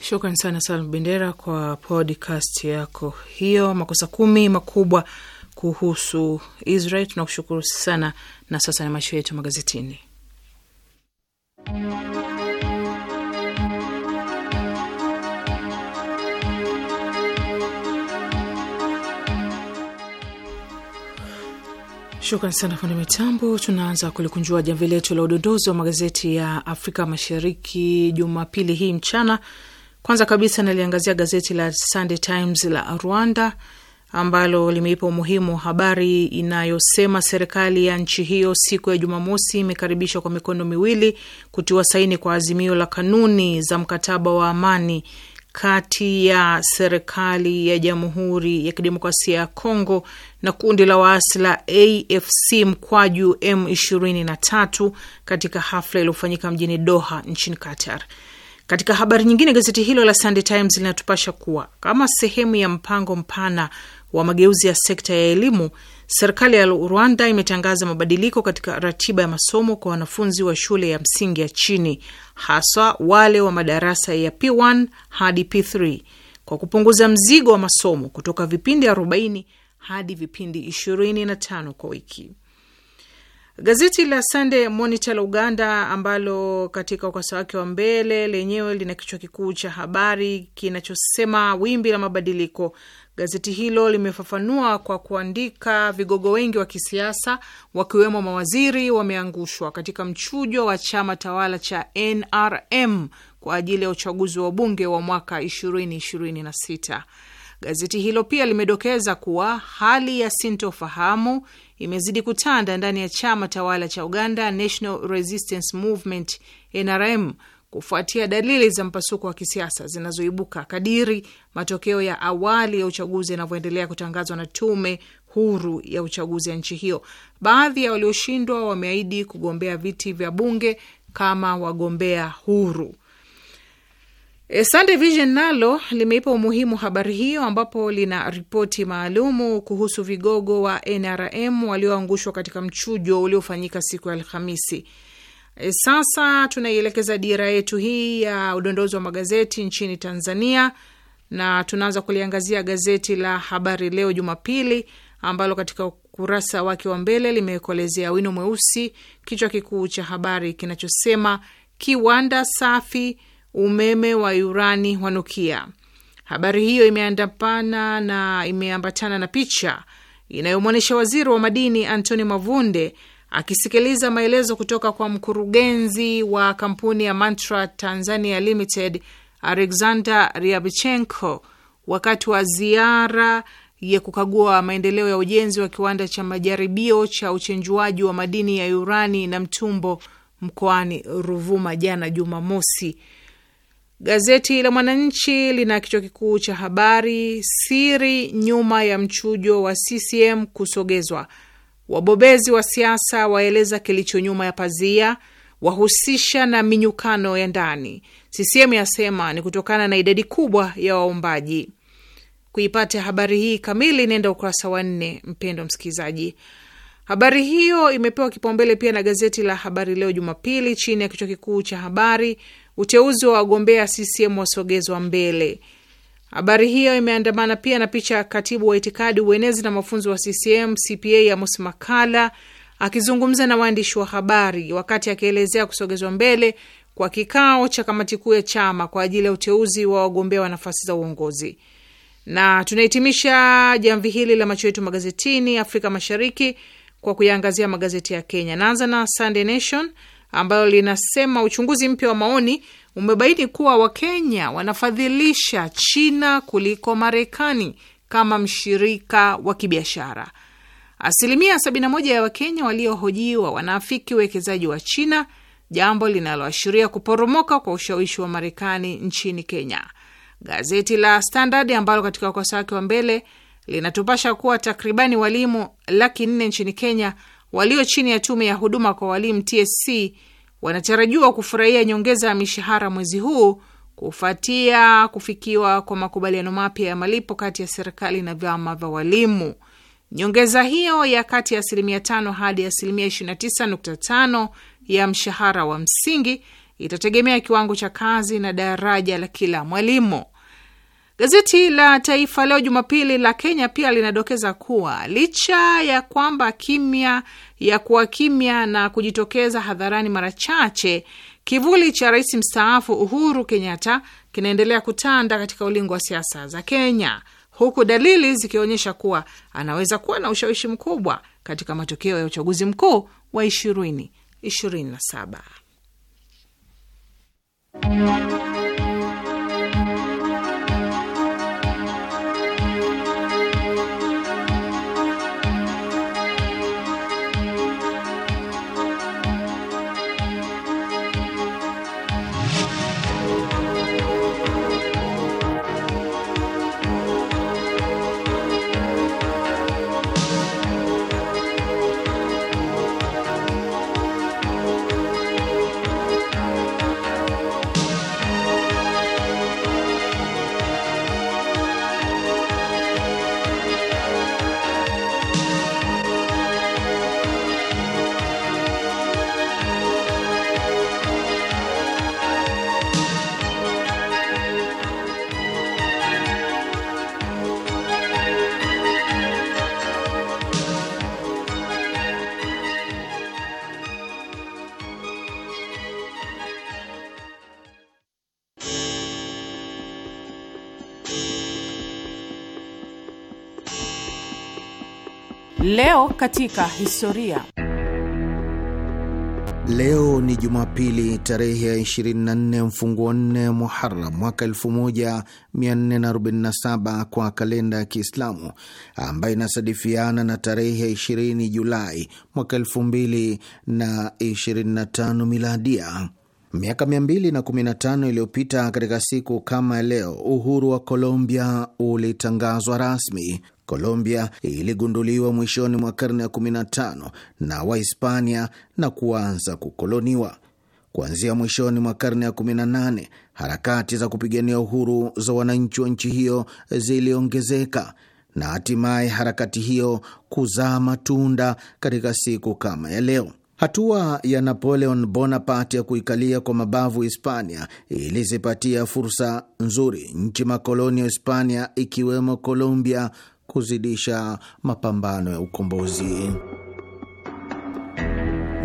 Shukran sana Salum Bendera kwa podcast yako hiyo. Makosa kumi makubwa kuhusu Israel. Tunakushukuru sana, na sasa ni macho yetu magazetini. Shukran sana fundi mitambo. Tunaanza kulikunjua jamvi letu la udondozi wa magazeti ya Afrika Mashariki Jumapili hii mchana. Kwanza kabisa naliangazia gazeti la Sunday Times la Rwanda ambalo limeipa umuhimu habari inayosema serikali ya nchi hiyo siku ya Jumamosi imekaribisha kwa mikono miwili kutiwa saini kwa azimio la kanuni za mkataba wa amani kati ya serikali ya Jamhuri ya Kidemokrasia ya Kongo na kundi la waasi la AFC mkwaju M23 katika hafla iliyofanyika mjini Doha nchini Qatar. Katika habari nyingine, gazeti hilo la Sunday Times linatupasha kuwa kama sehemu ya mpango mpana wa mageuzi ya sekta ya elimu, serikali ya Rwanda imetangaza mabadiliko katika ratiba ya masomo kwa wanafunzi wa shule ya msingi ya chini, haswa wale wa madarasa ya P1 hadi P3 kwa kupunguza mzigo wa masomo kutoka vipindi 40 hadi vipindi 25 kwa wiki. Gazeti la Sunday Monitor la Uganda, ambalo katika ukurasa wake wa mbele lenyewe lina kichwa kikuu cha habari kinachosema wimbi la mabadiliko Gazeti hilo limefafanua kwa kuandika, vigogo wengi wa kisiasa wakiwemo mawaziri wameangushwa katika mchujo wa chama tawala cha NRM kwa ajili ya uchaguzi wa bunge wa mwaka 2026. Gazeti hilo pia limedokeza kuwa hali ya sintofahamu imezidi kutanda ndani ya chama tawala cha Uganda National Resistance Movement NRM kufuatia dalili za mpasuko wa kisiasa zinazoibuka kadiri matokeo ya awali ya uchaguzi yanavyoendelea kutangazwa na tume huru ya uchaguzi ya nchi hiyo. Baadhi ya walioshindwa wameahidi kugombea viti vya bunge kama wagombea huru. E, Sunday Vision nalo limeipa umuhimu habari hiyo ambapo lina ripoti maalumu kuhusu vigogo wa NRM walioangushwa katika mchujo uliofanyika siku ya Alhamisi. E, sasa tunaielekeza dira yetu hii ya udondozi wa magazeti nchini Tanzania, na tunaanza kuliangazia gazeti la Habari Leo Jumapili ambalo katika ukurasa wake wa mbele limekolezea wino mweusi kichwa kikuu cha habari kinachosema kiwanda safi umeme wa urani wanukia. Habari hiyo imeandapana na imeambatana na picha inayomwonyesha waziri wa madini antoni Mavunde Akisikiliza maelezo kutoka kwa mkurugenzi wa kampuni ya Mantra Tanzania Limited Alexander Ryabchenko wakati wa ziara ya kukagua maendeleo ya ujenzi wa kiwanda cha majaribio cha uchenjuaji wa madini ya urani na mtumbo mkoani Ruvuma jana Jumamosi. Gazeti la Mwananchi lina kichwa kikuu cha habari, siri nyuma ya mchujo wa CCM kusogezwa Wabobezi wa siasa waeleza kilicho nyuma ya pazia, wahusisha na minyukano ya ndani. CCM yasema ni kutokana na idadi kubwa ya waombaji. Kuipata habari hii kamili, nenda ukurasa wa nne. Mpendo msikilizaji, habari hiyo imepewa kipaumbele pia na gazeti la Habari Leo Jumapili chini ya kichwa kikuu cha habari, uteuzi wa wagombea CCM wasogezwa mbele. Habari hiyo imeandamana pia na picha ya katibu wa itikadi, uenezi na mafunzo wa CCM CPA Amos Makala akizungumza na waandishi wa habari wakati akielezea kusogezwa mbele kwa kikao cha kamati kuu ya chama kwa ajili ya uteuzi wa wagombea wa nafasi za uongozi. Na tunahitimisha jamvi hili la macho yetu magazetini Afrika Mashariki kwa kuyaangazia magazeti ya Kenya. Naanza na Sunday Nation ambayo linasema uchunguzi mpya wa maoni umebaini kuwa Wakenya wanafadhilisha China kuliko Marekani kama mshirika wa kibiashara. Asilimia 71 ya Wakenya waliohojiwa wanaafiki uwekezaji wa China, jambo linaloashiria kuporomoka kwa ushawishi wa Marekani nchini Kenya. Gazeti la Standard ambalo katika ukurasa wake wa mbele linatupasha kuwa takribani walimu laki nne nchini Kenya walio chini ya tume ya huduma kwa walimu TSC wanatarajiwa kufurahia nyongeza ya mishahara mwezi huu kufuatia kufikiwa kwa makubaliano mapya ya malipo kati ya serikali na vyama vya walimu. Nyongeza hiyo ya kati ya asilimia 5 hadi asilimia 29.5 ya mshahara wa msingi itategemea kiwango cha kazi na daraja la kila mwalimu. Gazeti la Taifa Leo Jumapili la Kenya pia linadokeza kuwa licha ya kwamba kimya ya kuwa kimya na kujitokeza hadharani mara chache, kivuli cha rais mstaafu Uhuru Kenyatta kinaendelea kutanda katika ulingo wa siasa za Kenya, huku dalili zikionyesha kuwa anaweza kuwa na ushawishi mkubwa katika matokeo ya uchaguzi mkuu wa 2027. Leo katika historia.
Leo ni Jumapili tarehe ya 24 mfunguo 4 Muharam mwaka 1447 kwa kalenda ya Kiislamu, ambayo inasadifiana na tarehe ya 20 Julai mwaka 2025 miladia. Miaka 215 iliyopita katika siku kama leo, uhuru wa Colombia ulitangazwa rasmi. Colombia iligunduliwa mwishoni mwa karne ya 15 na Wahispania na kuanza kukoloniwa. Kuanzia mwishoni mwa karne ya 18, harakati za kupigania uhuru za wananchi wa nchi hiyo ziliongezeka na hatimaye harakati hiyo kuzaa matunda katika siku kama ya leo. Hatua ya Napoleon Bonaparte ya kuikalia kwa mabavu Hispania ilizipatia fursa nzuri nchi makoloni ya Hispania ikiwemo Colombia, kuzidisha mapambano ya ukombozi.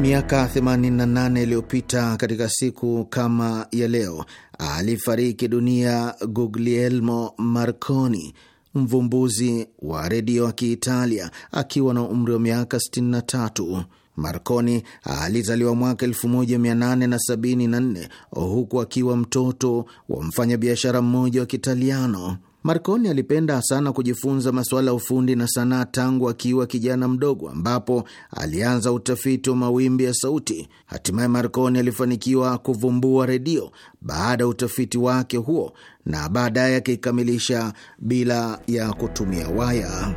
Miaka 88 iliyopita katika siku kama ya leo alifariki dunia Guglielmo Marconi, mvumbuzi wa redio wa Kiitalia akiwa na umri wa miaka 63. Marconi alizaliwa mwaka 1874 huku akiwa mtoto wa mfanyabiashara mmoja wa Kitaliano. Marconi alipenda sana kujifunza masuala ya ufundi na sanaa tangu akiwa kijana mdogo, ambapo alianza utafiti wa mawimbi ya sauti. Hatimaye Marconi alifanikiwa kuvumbua redio baada ya utafiti wake huo, na baadaye akikamilisha bila ya kutumia waya.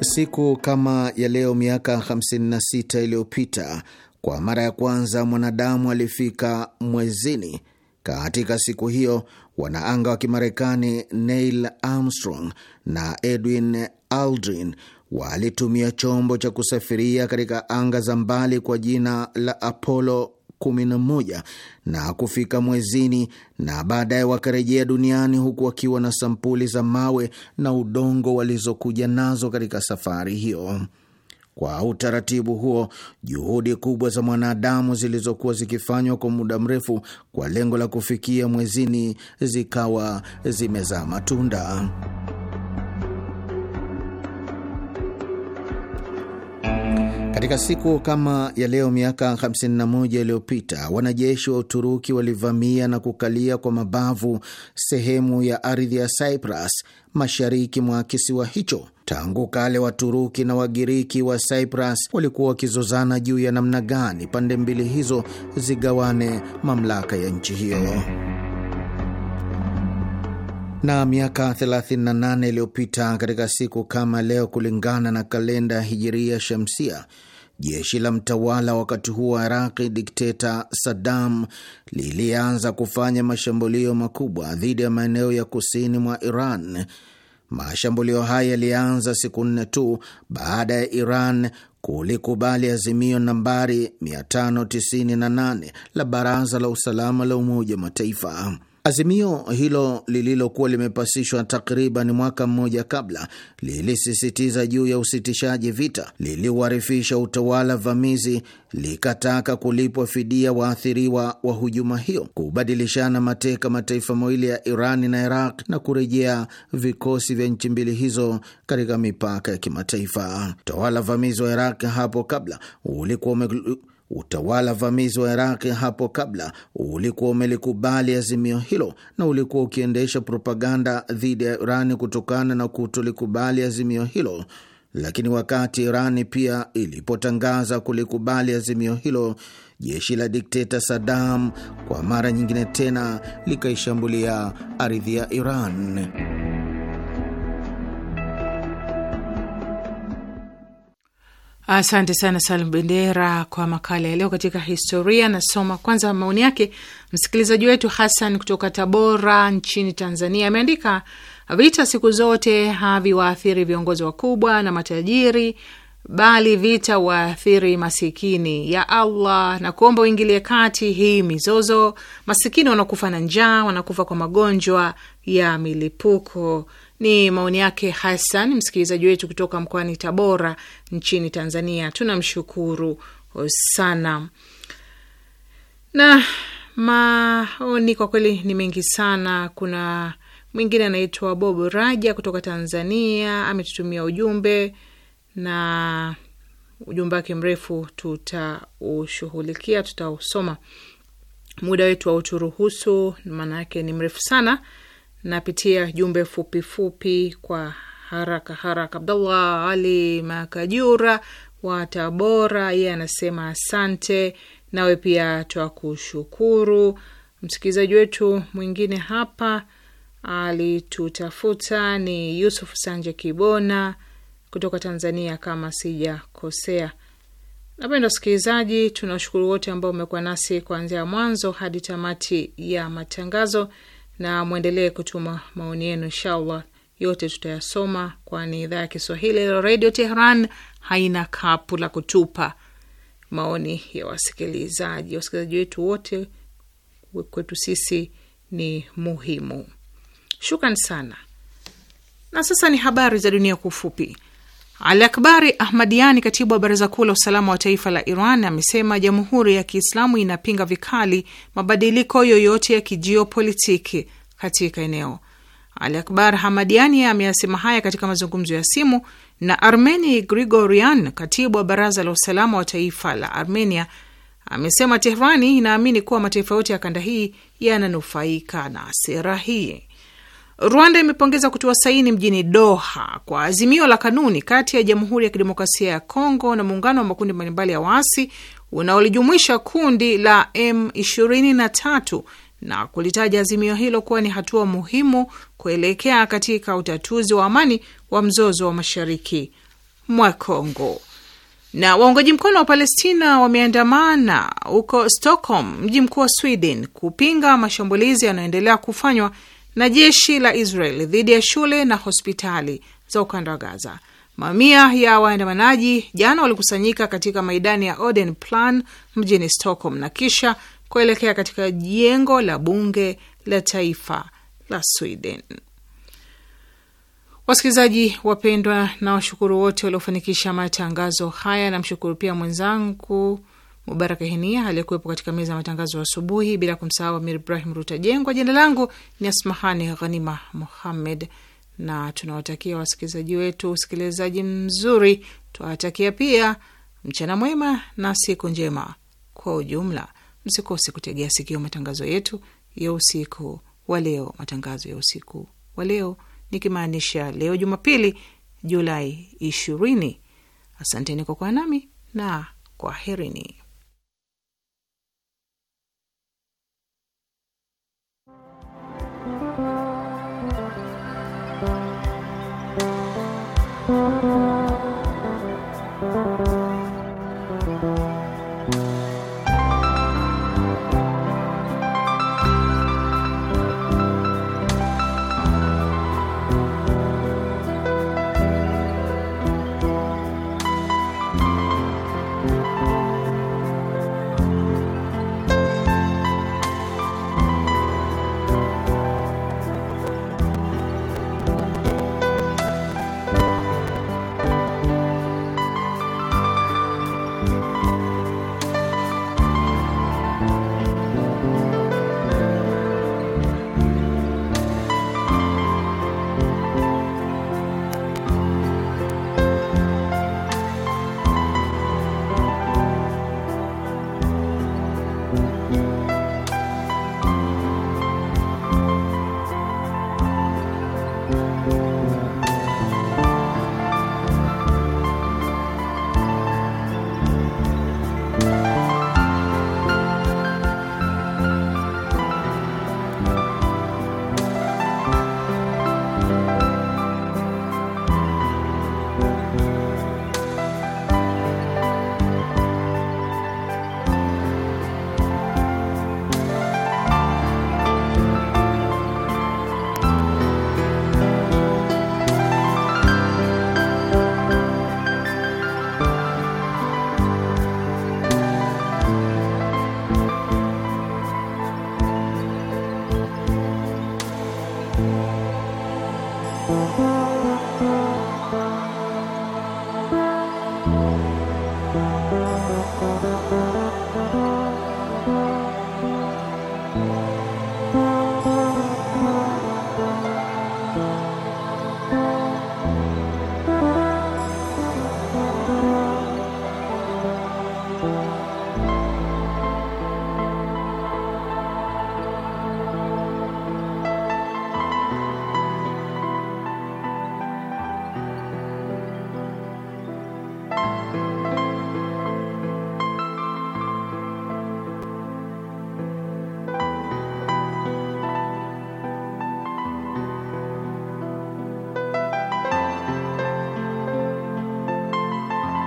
Siku kama ya leo miaka 56 iliyopita, kwa mara ya kwanza mwanadamu alifika mwezini katika siku hiyo wanaanga wa Kimarekani Neil Armstrong na Edwin Aldrin walitumia chombo cha kusafiria katika anga za mbali kwa jina la Apollo 11 na kufika mwezini na baadaye wakarejea duniani huku wakiwa na sampuli za mawe na udongo walizokuja nazo katika safari hiyo. Kwa utaratibu huo, juhudi kubwa za mwanadamu zilizokuwa zikifanywa kwa muda mrefu kwa lengo la kufikia mwezini zikawa zimezaa matunda. Katika siku kama ya leo miaka 51 iliyopita wanajeshi wa Uturuki walivamia na kukalia kwa mabavu sehemu ya ardhi ya Cyprus mashariki mwa kisiwa hicho. Tangu kale Waturuki na Wagiriki wa Cyprus walikuwa wakizozana juu ya namna gani pande mbili hizo zigawane mamlaka ya nchi hiyo. Na miaka 38 iliyopita katika siku kama leo, kulingana na kalenda hijiria shamsia Jeshi la mtawala wakati huo wa Iraqi, dikteta Saddam, lilianza kufanya mashambulio makubwa dhidi ya maeneo ya kusini mwa Iran. Mashambulio haya yalianza siku nne tu baada ya Iran kulikubali azimio nambari 598 la Baraza la Usalama la Umoja wa Mataifa. Azimio hilo lililokuwa limepasishwa takriban mwaka mmoja kabla lilisisitiza juu ya usitishaji vita, liliuharifisha utawala vamizi, likataka kulipwa fidia waathiriwa wa hujuma hiyo, kubadilishana mateka mataifa mawili ya Irani na Iraq na kurejea vikosi vya nchi mbili hizo katika mipaka ya kimataifa. Utawala vamizi wa Iraq hapo kabla ulikuwa umeglu Utawala vamizi wa Iraqi hapo kabla ulikuwa umelikubali azimio hilo na ulikuwa ukiendesha propaganda dhidi ya Irani kutokana na kutolikubali azimio hilo. Lakini wakati Irani pia ilipotangaza kulikubali azimio hilo, jeshi la dikteta Saddam kwa mara nyingine tena likaishambulia ardhi ya Iran.
Asante sana Salim Bendera kwa makala ya leo katika historia. Nasoma kwanza maoni yake msikilizaji wetu Hassan kutoka Tabora nchini Tanzania. Ameandika, vita siku zote haviwaathiri viongozi wakubwa na matajiri, bali vita waathiri masikini. Ya Allah, na kuomba uingilie kati hii mizozo. Masikini wanakufa na njaa, wanakufa kwa magonjwa ya milipuko. Ni maoni yake Hasan, msikilizaji wetu kutoka mkoani Tabora nchini Tanzania. Tunamshukuru sana na maoni kwa kweli ni mengi sana. Kuna mwingine anaitwa bob Raja kutoka Tanzania, ametutumia ujumbe na ujumbe wake mrefu tutaushughulikia, tutausoma. Muda wetu hauturuhusu, maana yake ni mrefu sana napitia jumbe fupifupi kwa haraka haraka. Abdullah Ali Makajura wa Tabora, yeye anasema asante. Nawe pia twakushukuru. Msikilizaji wetu mwingine hapa alitutafuta ni Yusuf Sanje Kibona kutoka Tanzania, kama sijakosea. Napenda wasikilizaji, tunawashukuru wote ambao umekuwa nasi kuanzia mwanzo hadi tamati ya matangazo na mwendelee kutuma maoni yenu, inshallah yote tutayasoma, kwani idhaa ya Kiswahili Redio Tehran haina kapu la kutupa maoni ya wasikilizaji. Wasikilizaji wetu wote kwetu sisi ni muhimu. Shukran sana. Na sasa ni habari za dunia kwa ufupi. Ali Akbari Ahmadiani, katibu wa baraza kuu la usalama wa taifa la Iran, amesema jamhuri ya Kiislamu inapinga vikali mabadiliko yoyote ya kijiopolitiki katika eneo. Ali Akbar Hamadiani ameyasema haya katika mazungumzo ya simu na Armeni Grigorian, katibu wa baraza la usalama wa taifa la Armenia. Amesema Tehrani inaamini kuwa mataifa yote ya kanda hii yananufaika na sera hii. Rwanda imepongeza kutiwa saini mjini Doha kwa azimio la kanuni kati ya Jamhuri ya Kidemokrasia ya Kongo na muungano wa makundi mbalimbali ya waasi unaolijumuisha kundi la M23 na kulitaja azimio hilo kuwa ni hatua muhimu kuelekea katika utatuzi wa amani wa mzozo wa mashariki mwa Kongo. Na waungaji mkono wa Palestina wameandamana huko Stockholm, mji mkuu wa Sweden, kupinga mashambulizi yanayoendelea kufanywa na jeshi la Israel dhidi ya shule na hospitali za ukanda wa Gaza. Mamia ya waandamanaji jana walikusanyika katika maidani ya Oden Plan mjini Stockholm na kisha kuelekea katika jengo la bunge la taifa la Sweden. Wasikilizaji wapendwa, na washukuru wote waliofanikisha matangazo haya. Namshukuru pia mwenzangu Mubaraka Henia aliyekuwepo katika meza ya matangazo asubuhi, bila kumsahau Amir Ibrahim Rutajengwa. Jina langu ni Asmahani Ghanima Muhammed, na tunawatakia wasikilizaji wetu usikilizaji mzuri. Tunawatakia pia mchana mwema na siku njema kwa ujumla. Msikose kutegea sikio matangazo yetu ya usiku wa leo. Matangazo ya usiku wa leo nikimaanisha leo Jumapili, Julai ishirini. Asanteni kwa kuwa nami na kwaherini.